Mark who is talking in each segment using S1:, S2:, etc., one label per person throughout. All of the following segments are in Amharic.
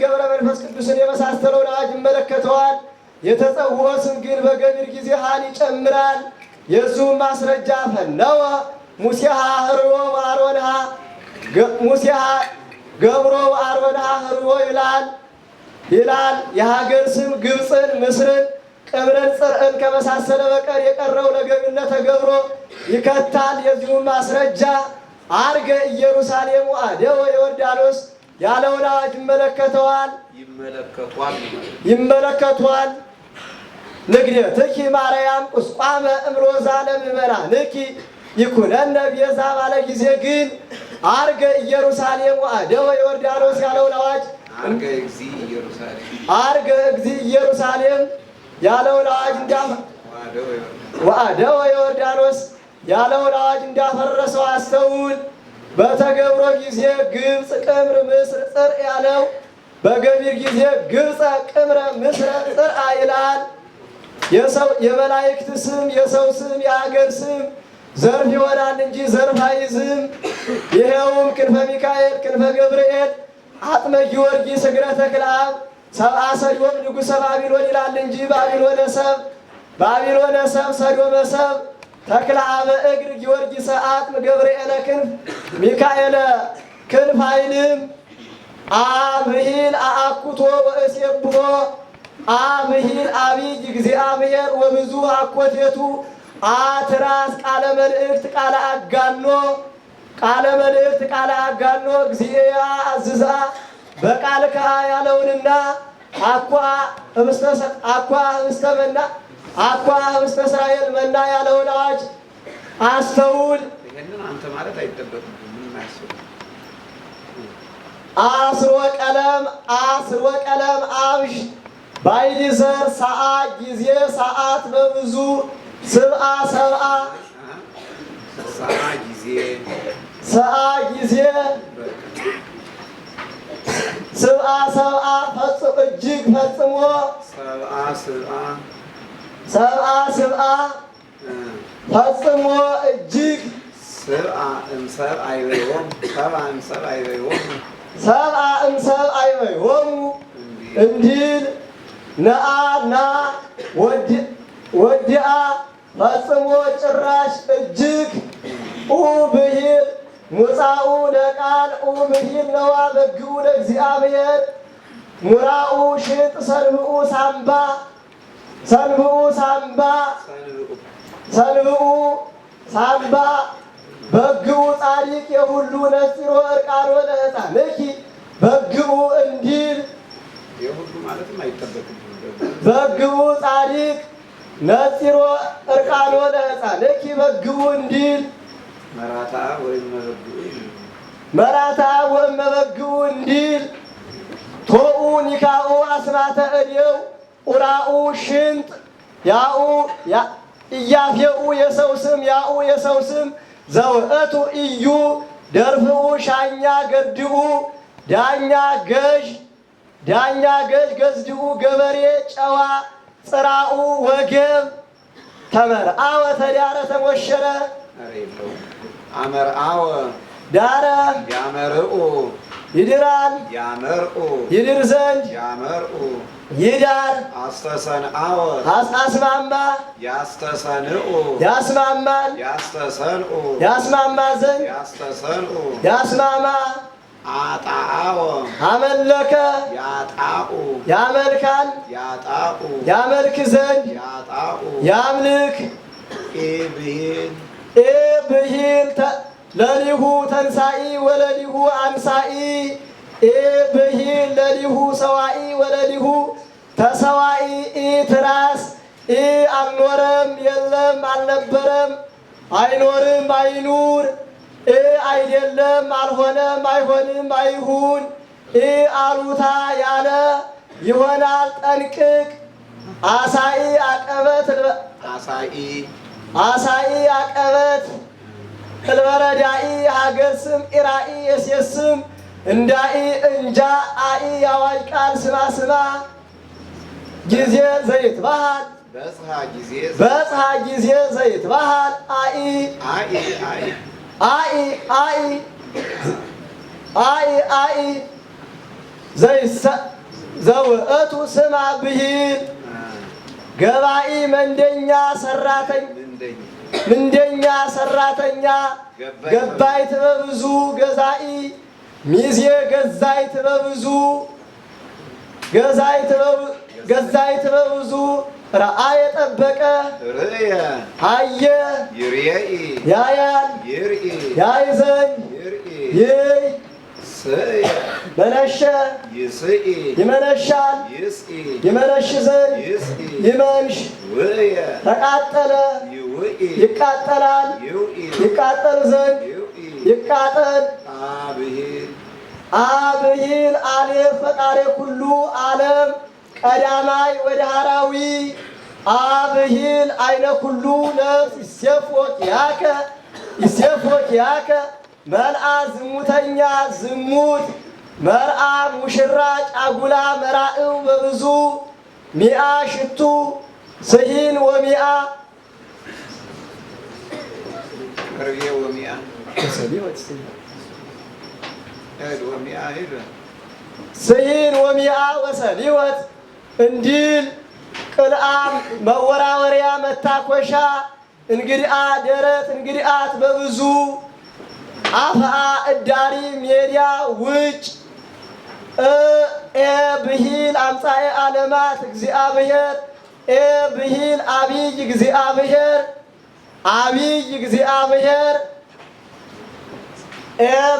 S1: ገብረ መንፈስ ቅዱስን የመሳሰለውን አዋጅ ይመለከተዋል። የተጸውዖ ስም ግን በገቢር ጊዜ ሀን ይጨምራል። የእሱም ማስረጃ ፈነወ ሙሴሃ ህርቦ አሮንሃ ሙሴሃ ገብሮ አሮንሃ ህርቦ ይላል ይላል የሀገር ስም ግብፅን፣ ምስርን፣ ቅብረን ጽርዕን ከመሳሰለ በቀር የቀረው ለገቢርነተ ገብሮ ይከታል። የዚሁም ማስረጃ አርገ ኢየሩሳሌም አደወ ዮርዳኖስ ያለ ወላጅ ይመለከተዋል
S2: ይመለከቷል።
S1: ይመለከቷል። ንግደትኪ ማርያም ቁስቋመ እምሮዛ ለምእመና ንኪ ይኩነነ ቤዛ ባለ ጊዜ ግን አርገ ኢየሩሳሌም ወአደወ ዮርዳኖስ ያለ ወላጅ አርገ እግዚ ኢየሩሳሌም ያለ ወላጅ
S2: ወአደወ ዮርዳኖስ
S1: ያለ ወላጅ እንዳፈረሰው አስተውል በተገብሮ ጊዜ ግብፅ ቅምር ምስር ጽር ያለው በገቢር ጊዜ ግብፀ ቅምረ ምስረ ጽርአ ይላል። የመላእክት ስም የሰው ስም የአገር ስም ዘርፍ ይሆናል እንጂ ዘርፍ አይዝም። ይሄውም ክንፈ ሚካኤል፣ ክንፈ ገብርኤል፣ አጥመ ጊዮርጊስ፣ እግረ ተክለ አብ፣ ሰብአ ሰዶም ንጉሠ ባቢሎን ይላል እንጂ ባቢሎነ ሰብ ባቢሎነ ሰብ ሰዶመ ሰብ ተክላ አበ እግር ጊዮርጊስ አጥም ገብርኤለ ክንፍ ሚካኤለ ክንፍ አምሂል አብሂል አአኩቶ ወእሴብሖ አብሂል አቢጅ እግዚአብሔር ወብዙ አኮቴቱ አትራስ ቃለ መልእክት ቃለ አጋኖ ቃለ መልእክት ቃለ አጋኖ እግዚአ አዝዛ በቃል ከአ ያለውንና አኳ ህብስተ መና አኳ ህብስተ እስራኤል መና ያለውን አዋጅ አስተውል።
S2: ይህንን አንተ ማለት አይጠበቅም
S1: አስሮ ቀለም አስሮ ቀለም አብሽ ባይዲሰር ሰአ ጊዜ ሰዓት በብዙ ስብአ ሰብአ ሰዓ ጊዜ ስብአ ሰብአ እጅግ ፈጽሞ ሰብአ ስብአ ፈጽሞ እጅግ እምሰብአ እምሰብአይበሆሙ እንዲል ነአና ወዲአ ፈጽሞ ጭራሽ እጅግ ኡ ብሂል ሙፃኡ ለቃል ኡ ብሂል ነዋ በግኡ ለእግዚአብሔር ሙራኡ ሽጥ ሰንብኡ ሳምባ ሰንብኡ ሳምባ ሰንብኡ ሳምባ በግቡ ጻድቅ የሁሉ ነስሮ እርቃኖ ለሕፃንኪ በግቡ እንዲል በግቡ ጻድቅ ነስሮ እርቃኖ ለሕፃንኪ በግቡ እንዲል መራታ ወእመ በግቡ እንዲል ቶኡ ኒካኡ አስማተ እዴው ኡራኡ ሽንጥ ያኡ እያፌኡ የሰው ስም ያኡ የሰው ስም ዘውእቱ እዩ ደርፍኡ ሻኛ ገድኡ ዳኛ ገዥ ዳኛ ገዥ ገዝድኡ ገበሬ ጨዋ ጽራኡ ወገብ ተመር አወ ተዳረ ተሞሸረ አመር ዳረ ያመርኡ ይድራል ያመርኡ ይድር ዘንድ ያመርኡ ይዳር
S2: አስተሰንአወ
S1: አስማማ
S2: ያስተሰንኡ
S1: ያስማማል
S2: ያስተሰንኡ
S1: ያስማማ ዘንድ
S2: ያስተሰንኡ ያስማማ አጣአወ
S1: አመለከ
S2: ያጣኡ
S1: ያመልካል
S2: ያጣኡ
S1: ያመልክ ዘንድ ያጣኡ ያምልክ
S2: ኤብሂል
S1: ኤብሂል ለሊሁ ተንሳኢ ወለሊሁ አንሳኢ ብሂ ለሊሁ ሰዋኢ ወለሊሁ ተሰዋኢ ኢትራስ ኢ አልኖረም የለም አልነበረም አይኖርም አይኑር እ አይደለም አልሆነም አይሆንም አይሁን እ አሉታ ያለ ይሆናል ጠንቅቅ አሳኢ አቀበት አሳኢ አቀበት ቅልበረዳኢ የሀገር ስም ኢራኢ የሴት ስም እንዳኢ እንጃ አኢ የአዋጅ ቃል ስማ ስማ ጊዜ ዘይት ባህል በጽሐ ጊዜ ዘይት ባህል አኢ አኢ አኢ አኢ አኢ ዘውእቱ ስማ ብሂል ገባኢ መንደኛ ሰራተኝ ምንደኛ ሰራተኛ ገባይ ትበብዙ ገዛኢ ሚዜ ገዛይ ትበብዙ ገዛይ ትበብዙ ረአየ ጠበቀ አየ ያያን ያይዘኝ ይይ መነሸ ይመነሻል ይመነሽ ዘንድ ይመንሽ ተቃጠለ ይቃጠላል፣ ይቃጠል ዘንድ ይቃጠል። አብይል አሌፍ ፈጣሪ ኩሉ ዓለም ቀዳማይ ወዳህራዊ አብሂል አይነ ኩሉ ነፍስ ይሴፎቅ ያከ ይሴፎቅ ያከ መልአ ዝሙተኛ ዝሙት መርአ ሙሽራ ጫጉላ መራእው በብዙ ሚአ ሽቱ ስሂን ወሚአ Первье ስኢል ወሚያ ወሰሊወት እንዲል ቅልአም መወራወሪያ መታኮሻ እንግዲአ ደረት እንግዲአት በብዙ አፍአ እዳሪ ሜዳ ውጭ ኤ ብሂል አምፃኤ ዓለማት እግዚአብሔር ኤ ብሂል አብይ እግዚአብሔር አብይ እግዚአብሔር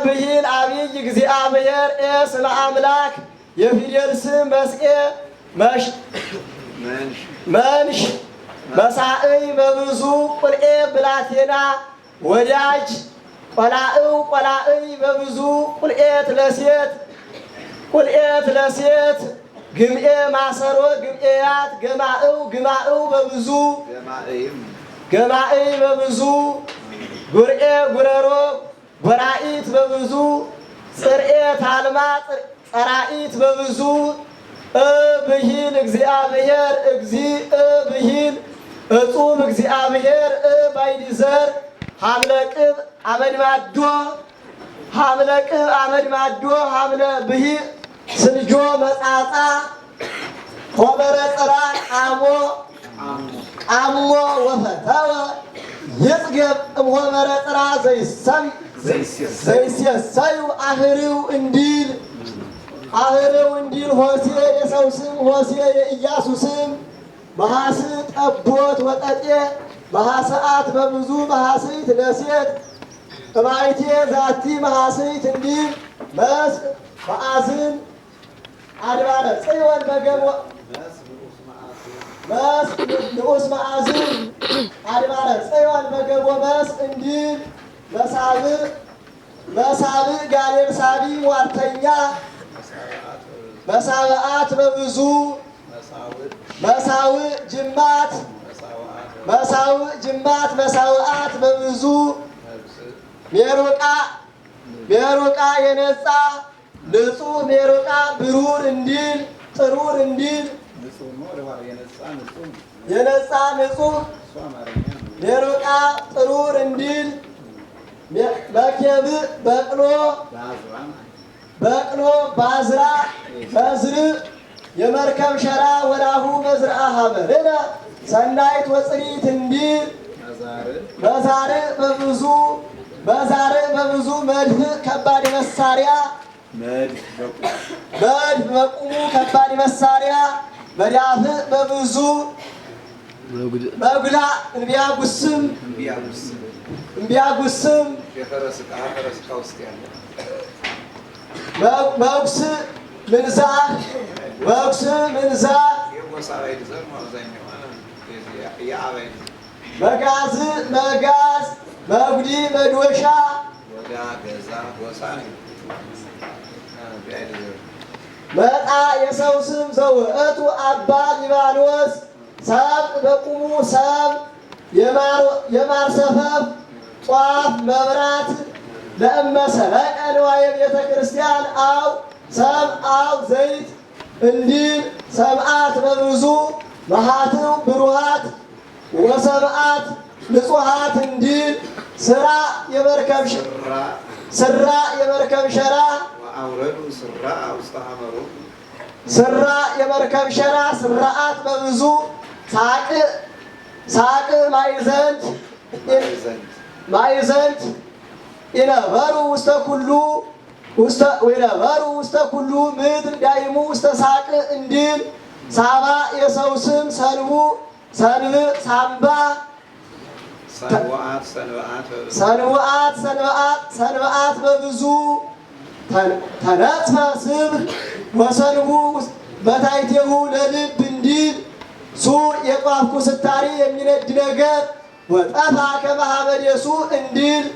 S1: ብሂል አብይ እግዚአብሔር ስለ አምላክ የፊደል ስም መሽ መንሽ መሳእይ በብዙ ቁልኤ ብላቴና ወዳጅ ቆላእው ቆላእይ በብዙ ቁልኤት ለሴት ቁልኤት ለሴት ግምኤ ማሰሮ ግምኤያት ግማእው ግማእው በብዙ ገባኢ በብዙ ጉርኤ ጉረሮ ጎራኢት በብዙ ጽርኤት አልማ ጸራኢት በብዙ ብሂል እግዚአብሔር እግዚ ብሂል እጹም እግዚአብሔር ባይዲዘር ሀምለቅብ አመድ ማዶ ሀምለቅብ አመድ ማዶ ሀምለ ብሂ ስንጆ መጻጻ ሆበረ ጥራ ቃሞ አሞ ወፈተወ ይጽገብ እምሆመረ ጥራ ዘይሰም ዘይሴሰዩ አህሪው እንዲል አህሬው እንዲል ሆሴ የሰው ስም ሆሴ የኢያሱ ስም መሐስ ጠቦት ወጠጤ መሐሰአት በብዙ መሐስይት ለሴት እማይቴ ዛቲ መሐስይት እንዲል መስ መአዝን አድባረ ጽዮን በገብ በስ ንዑስ መዓዝብ አድባረ ጽዮን በገቦ በስ እንዲል መሳብ መሳብዕ ጋኔን ሳቢ ሟርተኛ መሳብዓት በብዙ መሳውዕ ጅማት መሳውዕ ጅማት መሳውዓት በብዙ ሜሮቃ ሜሮቃ የነጻ ንጹሕ ሜሮቃ ብሩር እንዲል ጥሩር እንዲል የነጻ ንጹህ የሩቃ ጥሩር እንዲል በኬብእ በቅሎ በቅሎ ባዝራ በዝር የመርከብ ሸራ ወላሁ መዝርአ ሀበርነ ሰናይት ወፅሪት እንዲል በዛር በብዙ በዛርእ በብዙ መድህ ከባድ መሳሪያ መድህ በቁሙ ከባድ መሳሪያ መዳፍዕ በብዙ በጉላ እንቢያጉስም እንቢያጉስም መጉስ ምንዛ መጉስ ምንዛ መጋዝ መጋዝ መጉዲ መዶሻ መጣ የሰው ስም ዘውእቱ አባ ሊባኖስ ሰብ በቁሙ ሰብ የማር ሰፈፍ ጧፍ መብራት ለእመሰረቀ ንዋየ ቤተ ክርስቲያን አው ሰብ አው ዘይት እንዲል ሰብአት በብዙ መሃትው ብሩሃት ወሰብአት ንጹሃት እንዲል ስራ የመርከብ ስራ የመርከብ ሸራ አውረዱ ስራ ውስጥ ሀመሩ ስራ የመርከብ ሸራ ስራአት በብዙ ሳቅ ሳቅ ማይዘንት ማይዘንት ይነበሩ ውስተ ኩሉ ይነበሩ ውስተ ኩሉ ምድር ዳይሙ ውስተ ሳቅ እንዲል ሳባ የሰው ስም ሰንቡ ሰንብ ሳምባ
S2: ሰንብአት
S1: ሰንብአት ሰንብአት በብዙ ተነጽፈ ስብህ ወሰንሁ በታይቴሁ ለልብ እንዲል ሱ የጧፍ ኩስታሪ የሚነድ ነገር ወጠፋ ከማህበድ የሱር እንዲል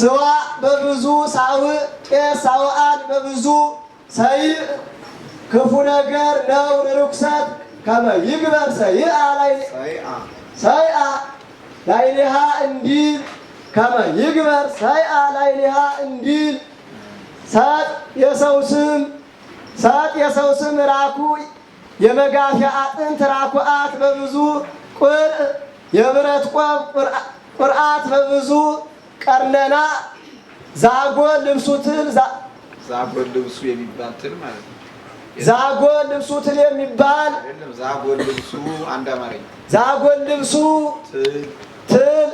S1: ስዋ በብዙ ሳውዕ ቄስ ሳውዓን በብዙ ሰይእ ክፉ ነገር ነውር ርኩሰት ከመ ይግበር ሰይአ ሰይአ ላዕሌሃ እንዲል ከመ ይግበር ሰይአ ላዕሌሃ እንዲል ሳጥ የሰው ስም ሳጥ የሰው ስም ራኩ የመጋፊያ አጥንት ራኩአት በብዙ ቁር የብረት ቆብ ቁርአት በብዙ ቀርነና ዛጎ ልብሱ ትል
S2: ዛጎ ልብሱ የሚባል ትል ማለት ነው።
S1: ዛጎ ልብሱ ትል የሚባል ዛጎ ልብሱ አንድ አማርኛ ዛጎ ልብሱ ትል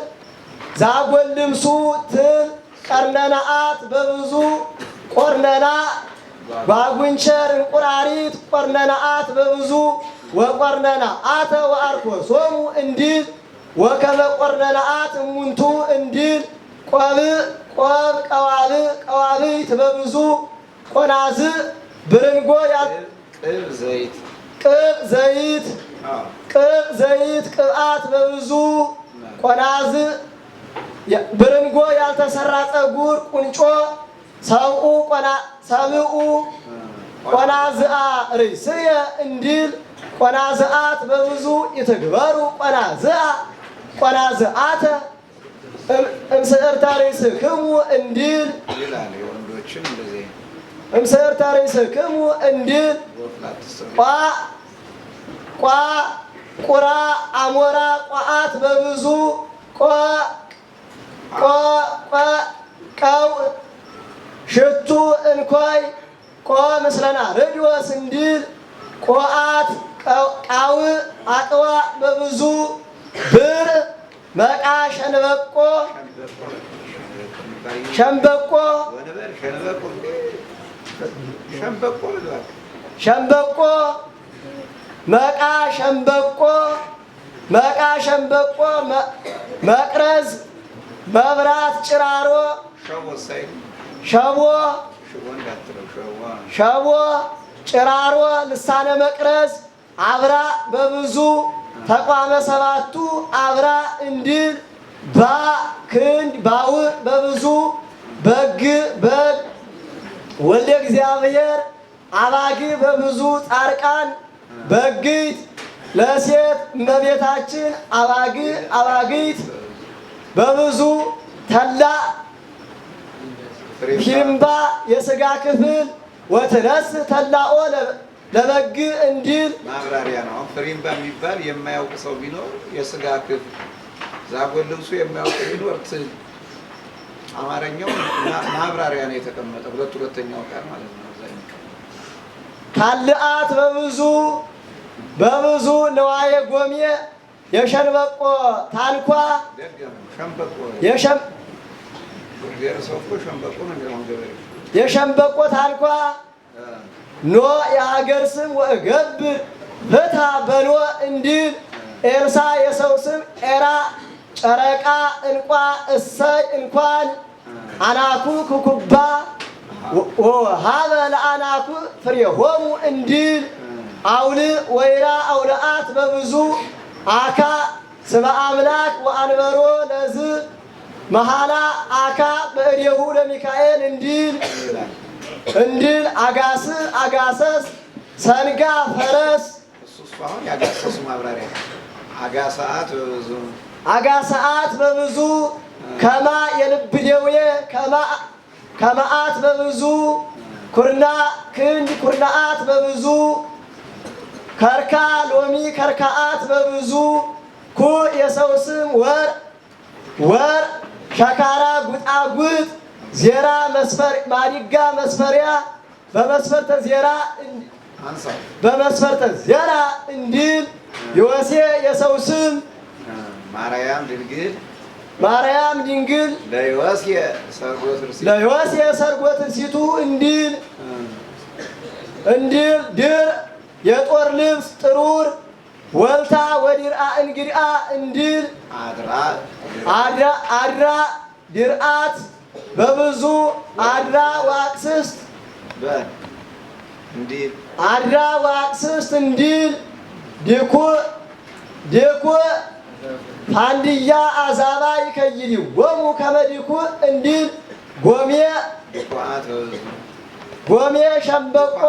S1: ዛጎ ልብሱ ትል ቀርነናአት በብዙ ቆርነና ባጉንቸር እንቁራሪት ቆርነና አት በብዙ ወቆርነና አተ ወአርኮ ሶሙ እንዲል ወከመ ቆርነና አት እሙንቱ እንዲል ቆብ ቆብ ቀዋብ ቀዋብት በብዙ ቆናዝ ብርንጎ ቅብ ዘይት ቅብ ዘይት ቅብአት በብዙ ቆናዝ ብርንጎ ያልተሰራ ጠጉር ቁንጮ ቆና ዝአ ርእስየ እንዲል ቆናዝአት በብዙ ይትግበሩ ቆናዝአ ቆናዝአተ እምስዕርተ ርእስክሙ እንዲል እምስዕርተ ርእስክሙ እንዲል ቋ ቁራ አሞራ ቋአት በብዙ ቆ እንኳይ ቆ ምስለና ረድዮስ እንዲል ቆአት ቃው አቅዋ በብዙ ብር መቃ ሸንበቆ ሸንበቆ ሸንበቆ መቃ ሸንበቆ መቃ ሸንበቆ መቅረዝ መብራት ጭራሮ ሸቦ ሸቦ፣ ጭራሮ፣ ልሳነ መቅረዝ አብራ በብዙ ተቋመ ሰባቱ አብራ እንድል ባ ክንድ ባው በብዙ በግ በግ ወልደ እግዚአብሔር አባጊ በብዙ ጻርቃን በግት ለሴት እመቤታችን አባጊ አባጊት በብዙ ተላ ሂምባ የስጋ ክፍል ወትረስ ተላኦ ለበግ እንዲል ማብራሪያ
S2: ነው። ፍሪምባ የሚባል የማያውቅ ሰው ቢኖር የስጋ ክፍል ዛጎል ልብሱ የማያውቅ ቢኖር ትል አማርኛው ማብራሪያ ነው የተቀመጠ ሁለት ሁለተኛው ቃል ማለት ነው።
S1: ካልአት በብዙ በብዙ ንዋየ ጎሜ የሸንበቆ ታንኳ የሸንበቆ ታልኳ ኖ የሀገር ስም ወገብ ፍታ በኖ እንዲል ኤርሳ የሰው ስም ኤራ ጨረቃ እንቋ እሰይ እንኳን አናኩ ኩኩባ ሀበ ለአናኩ ፍሬሆሙ እንድል አውል ወይራ አውልአት በብዙ አካ ስበ አምላክ ወአንበሮ ለዝ መሐላ አካ በእዴሁ ለሚካኤል እንዲል እንዲል አጋስ አጋሰስ ሰንጋ ፈረስ አጋሰአት በብዙ ከማ የልብ ደዌ ከማአት በብዙ ኩርና ክንድ ኩርናአት በብዙ ከርካ ሎሚ ከርካአት በብዙ ኩ የሰው ስም ወር ወር ሸካራ፣ ጉጣጉጥ፣ ዜራ፣ መስፈር ማሪጋ መስፈሪያ በመስፈርተ ዜራ በመስፈርተ ዜራ እንዲል የወሴ የሰው ስም
S2: ማርያም ድንግል
S1: ማርያም ድንግል ለዮሴ ሰርጎትን ሲቱ እንዲል እንዲል ድር የጦር ልብስ ጥሩር ወልታ ወዲርአ እንግዲአ እንድል አድራ አድራ ድርአት በብዙ አድራ ዋቅስስት አድራ ዋቅስስት እንዲል ድኩዕ ድኩዕ ፋንድያ አዛባ ይከይዲ ወሙ ከመዲኩ እንዲል ጎሜ ጎሜ ሸምበቆ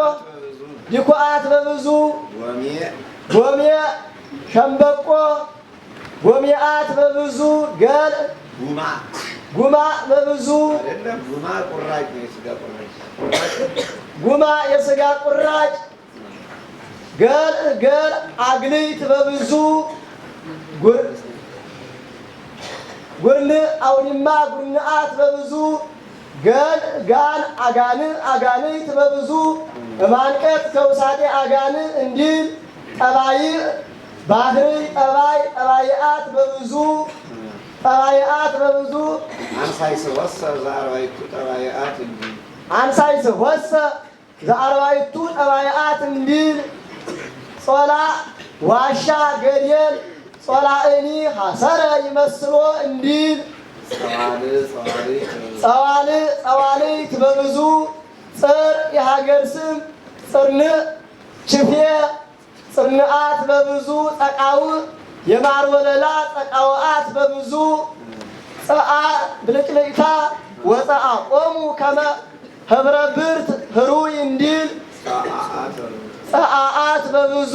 S1: ዲኩአት በብዙ ጎሜ ጎሜ ሸምበቆ ጎሜአት በብዙ ገል ጉማ በብዙ ጉማ የስጋ ቁራጭ ገል ገል አግሊት በብዙ ጉርን አውድማ ጉርንአት በብዙ ገል ጋን አጋን አጋንት በብዙ ማንቀጥ ከውሳጤ አጋን እንዲል ጠባይ ባህሪ ጠባይ ጠባይአት በብዙ ጠባይአት በብዙ አንሳይስ ወሰ ዘአርባይቱ ጠባይአት እንዲል አንሳይስ ወሰ ዘአርባይቱ ጠባይአት እንዲል ጾላ ዋሻ ገደል ጾላ እኒ ሀሰረ ይመስሎ እንዲል ጸዋል ጸዋልይት በብዙ ጽር የሀገር ስም ጽርን ችፌ ጽንዓት በብዙ ጠቃው የማር ወለላ ጠቃውአት በብዙ ፀአ ብልቅልቅታ ወፀአ ቆሙ ከመ ህብረ ብርት ህሩይ እንዲል ፀአአት በብዙ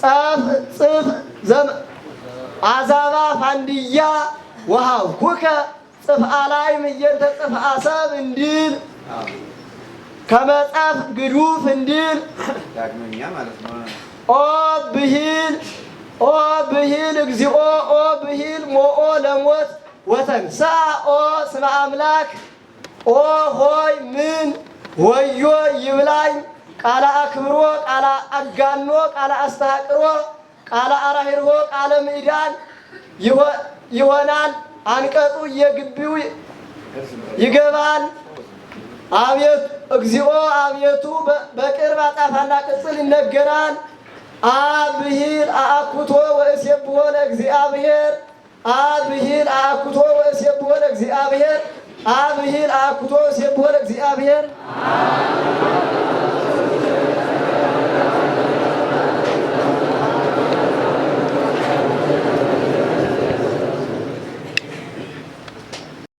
S1: ጸፍ ጽፍ አዛባ ፋንድያ ውሃ ሁከ ጽፍአ ላይ ምየንተ ጽፍአ ሰብ እንዲል ከመጽሐፍ ግዱፍ እንዲል ዳግመኛ ማለት ነው። ኦ ብሂል ኦ ብሂል እግዚኦ ኦ ብሂል ሞኦ ለሞት ወተንሳ ኦ ስመ አምላክ ኦ ሆይ ምን ወዮ ይብላኝ ቃለ አክብሮ ቃለ አጋኖ ቃለ አስተቅሮ ቃለ አራሂርሆ ቃለ ምዕዳን ይሆናል። አንቀጹ የግቢው ይገባል። አቤት እግዚኦ አቤቱ በቅርብ አጣፋና ቅጽል ይነገራል። አብ ብሂል አአኩቶ ወእሴብሖ ለእግዚአብሔር አብ ብሂል አአኩቶ ወእሴብሖ ለእግዚአብሔር አብ ብሂል አአኩቶ ወእሴብሖ ለእግዚአብሔር